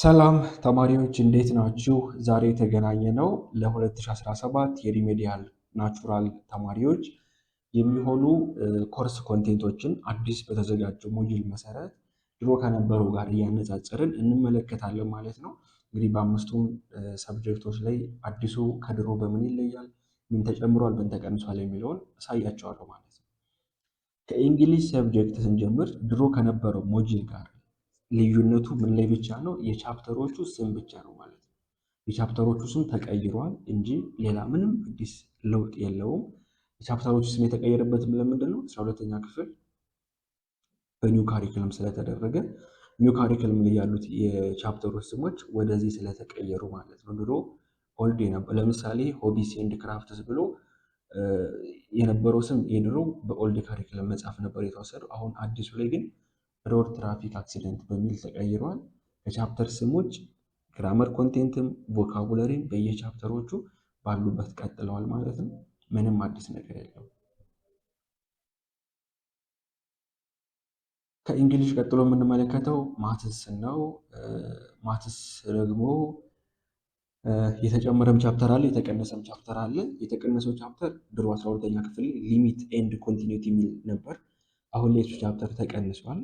ሰላም ተማሪዎች እንዴት ናችሁ? ዛሬ የተገናኘ ነው ለ2017 የሪሜዲያል ናቹራል ተማሪዎች የሚሆኑ ኮርስ ኮንቴንቶችን አዲስ በተዘጋጀው ሞጁል መሰረት ድሮ ከነበሩ ጋር እያነጻጸርን እንመለከታለን ማለት ነው። እንግዲህ በአምስቱም ሰብጀክቶች ላይ አዲሱ ከድሮ በምን ይለያል፣ ምን ተጨምሯል፣ ምን ተቀንሷል የሚለውን እሳያቸዋለሁ ማለት ነው። ከእንግሊዝ ሰብጀክት ስንጀምር ድሮ ከነበረው ሞጁል ጋር ልዩነቱ ምን ላይ ብቻ ነው? የቻፕተሮቹ ስም ብቻ ነው ማለት ነው። የቻፕተሮቹ ስም ተቀይሯል እንጂ ሌላ ምንም አዲስ ለውጥ የለውም። የቻፕተሮቹ ስም የተቀየረበትም ለምንድን ነው? አስራ ሁለተኛ ክፍል በኒው ካሪክለም ስለተደረገ ኒው ካሪክለም ላይ ያሉት የቻፕተሮች ስሞች ወደዚህ ስለተቀየሩ ማለት ነው። ድሮ ኦልድ የነበረ ለምሳሌ ሆቢስ ኤንድ ክራፍትስ ብሎ የነበረው ስም የድሮው በኦልድ ካሪክለም መጽሐፍ ነበር የተወሰደው። አሁን አዲሱ ላይ ግን ሮድ ትራፊክ አክሲደንት በሚል ተቀይሯል። ከቻፕተር ስሞች ግራመር ኮንቴንትም ቮካቡለሪም በየቻፕተሮቹ ባሉበት ቀጥለዋል ማለት ነው። ምንም አዲስ ነገር የለው። ከእንግሊሽ ቀጥሎ የምንመለከተው ማትስ ነው። ማትስ ደግሞ የተጨመረም ቻፕተር አለ፣ የተቀነሰም ቻፕተር አለ። የተቀነሰው ቻፕተር ድሮ 12 ሁለተኛ ክፍል ሊሚት ኤንድ ኮንቲኒቲ የሚል ነበር። አሁን ላይ እሱ ቻፕተር ተቀንሷል።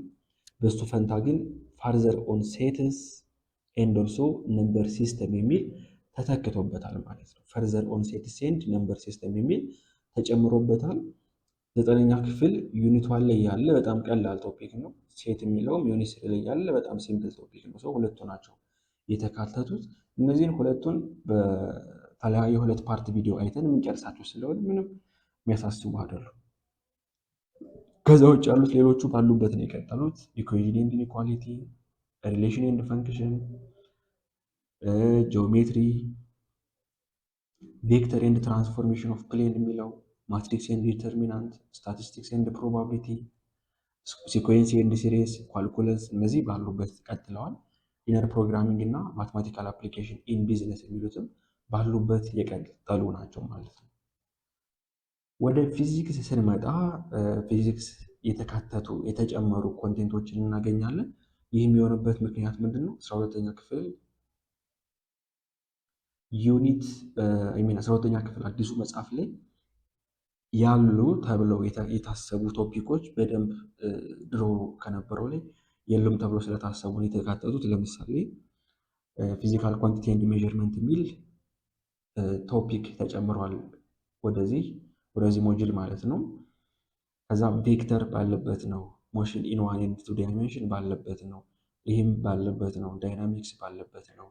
በሱ ፈንታ ግን ፋርዘር ኦን ሴትንስ ኤንድ ኦልሶ ነምበር ሲስተም የሚል ተተክቶበታል ማለት ነው። ፈርዘር ኦን ሴትስ ኤንድ ነምበር ሲስተም የሚል ተጨምሮበታል። ዘጠነኛ ክፍል ዩኒቷን ላይ ያለ በጣም ቀላል ቶፒክ ነው። ሴት የሚለውም ዩኒት ላይ ያለ በጣም ሲምፕል ቶፒክ ነው። ሰው ሁለቱ ናቸው የተካተቱት። እነዚህን ሁለቱን በተለያየ ሁለት ፓርት ቪዲዮ አይተን የምንጨርሳቸው ስለሆነ ምንም የሚያሳስቡ አይደሉም። ከዛ ውጭ ያሉት ሌሎቹ ባሉበት ነው የቀጠሉት። ኢኩዌሽን ኤንድ ኢኒኳሊቲ፣ ሪሌሽን ኤንድ ፈንክሽን፣ ጂኦሜትሪ፣ ቬክተር ኤንድ ትራንስፎርሜሽን ኦፍ ፕሌን የሚለው ማትሪክስ ኤንድ ዲተርሚናንት፣ ስታቲስቲክስ ኤንድ ፕሮባቢሊቲ፣ ሲኮንስ ኤንድ ሲሪስ፣ ኳልኩለስ እነዚህ ባሉበት ቀጥለዋል። ኢነር ፕሮግራሚንግ እና ማትማቲካል አፕሊኬሽን ኢን ቢዝነስ የሚሉትም ባሉበት የቀጠሉ ናቸው ማለት ነው። ወደ ፊዚክስ ስንመጣ ፊዚክስ የተካተቱ የተጨመሩ ኮንቴንቶችን እናገኛለን። ይህ የሚሆንበት ምክንያት ምንድን ነው? አስራ ሁለተኛ ክፍል ዩኒት ሚን አስራ ሁለተኛ ክፍል አዲሱ መጽሐፍ ላይ ያሉ ተብለው የታሰቡ ቶፒኮች በደንብ ድሮ ከነበረው ላይ የሉም ተብሎ ስለታሰቡ ነው የተካተቱት። ለምሳሌ ፊዚካል ኳንቲቲ ኤንድ ሜዥርመንት የሚል ቶፒክ ተጨምሯል ወደዚህ ወደዚህ ሞጅል ማለት ነው። ከዛ ቬክተር ባለበት ነው። ሞሽን ኢን ዋን ኤንድ ቱ ዳይሜንሽን ባለበት ነው። ይህም ባለበት ነው። ዳይናሚክስ ባለበት ነው።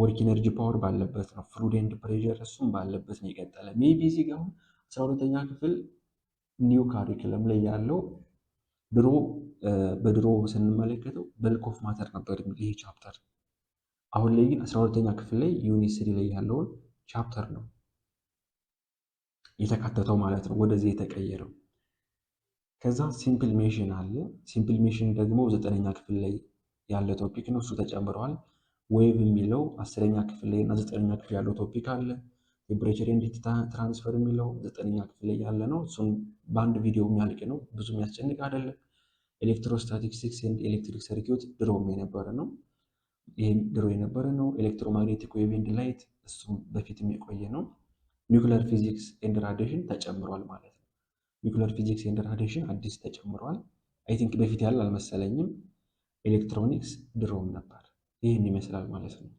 ወርክ ኢነርጂ ፓወር ባለበት ነው። ፍሉድ ኤንድ ፕሬዠር እሱም ባለበት ነው የቀጠለ። ሜቢ እዚህ ጋር አሁን አስራ ሁለተኛ ክፍል ኒው ካሪክለም ላይ ያለው ድሮ በድሮ ስንመለከተው በልክ ኦፍ ማተር ነበር ይሄ ቻፕተር። አሁን ላይ ግን አስራ ሁለተኛ ክፍል ላይ ዩኒት ስሪ ላይ ያለውን ቻፕተር ነው የተካተተው ማለት ነው፣ ወደዚህ የተቀየረው። ከዛ ሲምፕል ሜሽን አለ። ሲምፕል ሜሽን ደግሞ ዘጠነኛ ክፍል ላይ ያለ ቶፒክ ነው፣ እሱ ተጨምረዋል። ዌቭ የሚለው አስረኛ ክፍል ላይ እና ዘጠነኛ ክፍል ያለው ቶፒክ አለ። ቴምፕሬቸር ኤንድ ትራንስፈር የሚለው ዘጠነኛ ክፍል ላይ ያለ ነው። እሱን በአንድ ቪዲዮ የሚያልቅ ነው፣ ብዙ የሚያስጨንቅ አይደለም። ኤሌክትሮስታቲክስ ኤንድ ኤሌክትሪክ ሰርኪዩት ድሮም የነበረ ነው። ይህም ድሮ የነበረ ነው። ኤሌክትሮማግኔቲክ ዌቭ ኤንድ ላይት እሱም በፊት የቆየ ነው። ኒውክለር ፊዚክስ ኤንድ ራዲሽን ተጨምሯል ማለት ነው። ኒውክለር ፊዚክስ ኤንድ ራዲሽን አዲስ ተጨምሯል። አይ ቲንክ በፊት ያለ አልመሰለኝም። ኤሌክትሮኒክስ ድሮም ነበር። ይህን ይመስላል ማለት ነው።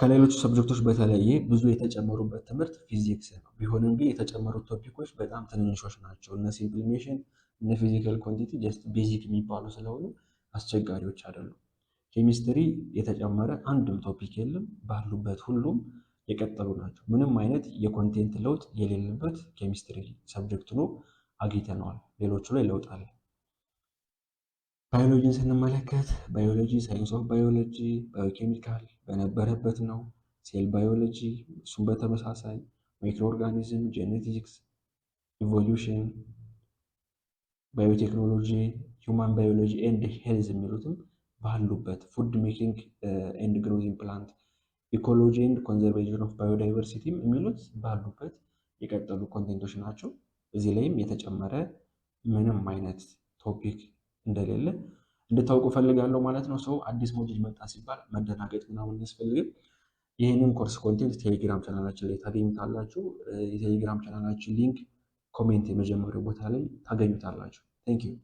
ከሌሎቹ ሰብጀክቶች በተለየ ብዙ የተጨመሩበት ትምህርት ፊዚክስ ነው። ቢሆንም ግን የተጨመሩት ቶፒኮች በጣም ትንንሾች ናቸው። እነ ሲምፕሊሜሽን እነ ፊዚካል ኳንቲቲ ጀስት ቤዚክ የሚባሉ ስለሆኑ አስቸጋሪዎች አይደሉም። ኬሚስትሪ የተጨመረ አንድም ቶፒክ የለም። ባሉበት ሁሉም የቀጠሉ ናቸው። ምንም አይነት የኮንቴንት ለውጥ የሌለበት ኬሚስትሪ ሰብጀክት ሆኖ አግኝተነዋል። ሌሎቹ ላይ ለውጥ አለ። ባዮሎጂን ስንመለከት ባዮሎጂ ሳይንስ ኦፍ ባዮሎጂ ባዮኬሚካል በነበረበት ነው። ሴል ባዮሎጂ እሱም በተመሳሳይ ማይክሮ ኦርጋኒዝም፣ ጄኔቲክስ፣ ኢቮሉሽን፣ ባዮቴክኖሎጂ፣ ሂውማን ባዮሎጂ ኤንድ ሄልዝ የሚሉትም ባሉበት ፉድ ሜኪንግ ኤንድ ግሮዚንግ ፕላንት ኢኮሎጂ ኤንድ ኮንዘርቬሽን ኦፍ ባዮዳይቨርሲቲም የሚሉት ባሉበት የቀጠሉ ኮንቴንቶች ናቸው። እዚህ ላይም የተጨመረ ምንም አይነት ቶፒክ እንደሌለ እንድታውቁ ፈልጋለሁ ማለት ነው። ሰው አዲስ ሞጁል መጣ ሲባል መደናገጥ ምናምን ያስፈልግም። ይህንን ኮርስ ኮንቴንት ቴሌግራም ቻናላችን ላይ ታገኙታላችሁ። የቴሌግራም ቻናላችን ሊንክ ኮሜንት የመጀመሪያው ቦታ ላይ ታገኙታላችሁ። ታንክ ዩ